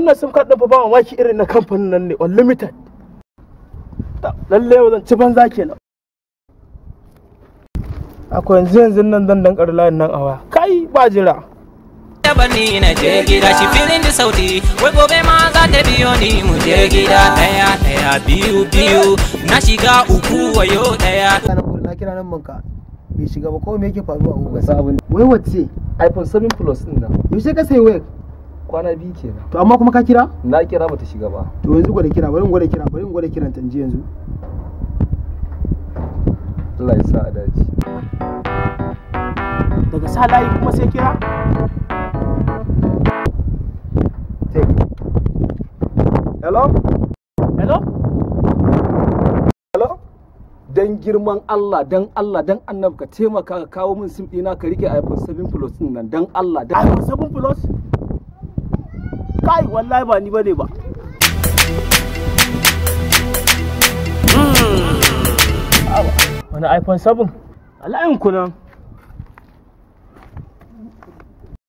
wannan sim card din fa ba maki irin na kamfanin nan ne unlimited lalle yau zan ci banza kenan akwai yanzu yanzu nan dan dan karla layin nan awa kai ba jira bani na je gida shi filin da sauti wai gobe ma za ta biyo ni mu je gida daya daya biyu biyu na shiga uku wayo daya na kira nan banka bai shiga ba ko me yake faruwa a wai wace iphone 7 plus din nan yaushe ka sai wai kwana biyu ke to amma kuma ka kira na kira bata shiga ba to yanzu gwada kira bari gwada kira bari gwada kira ta yanzu Allah ya sa a dace daga sa layi kuma sai kira hello hello hello dan girman Allah dan Allah dan annabka ka taimaka ka kawo min sim ɗina ka rike iPhone 7 Plus nan dan Allah dan iPhone 7 Plus kai wallahi ba ni bane ba hmm. wani iphone 7 ala'in kunan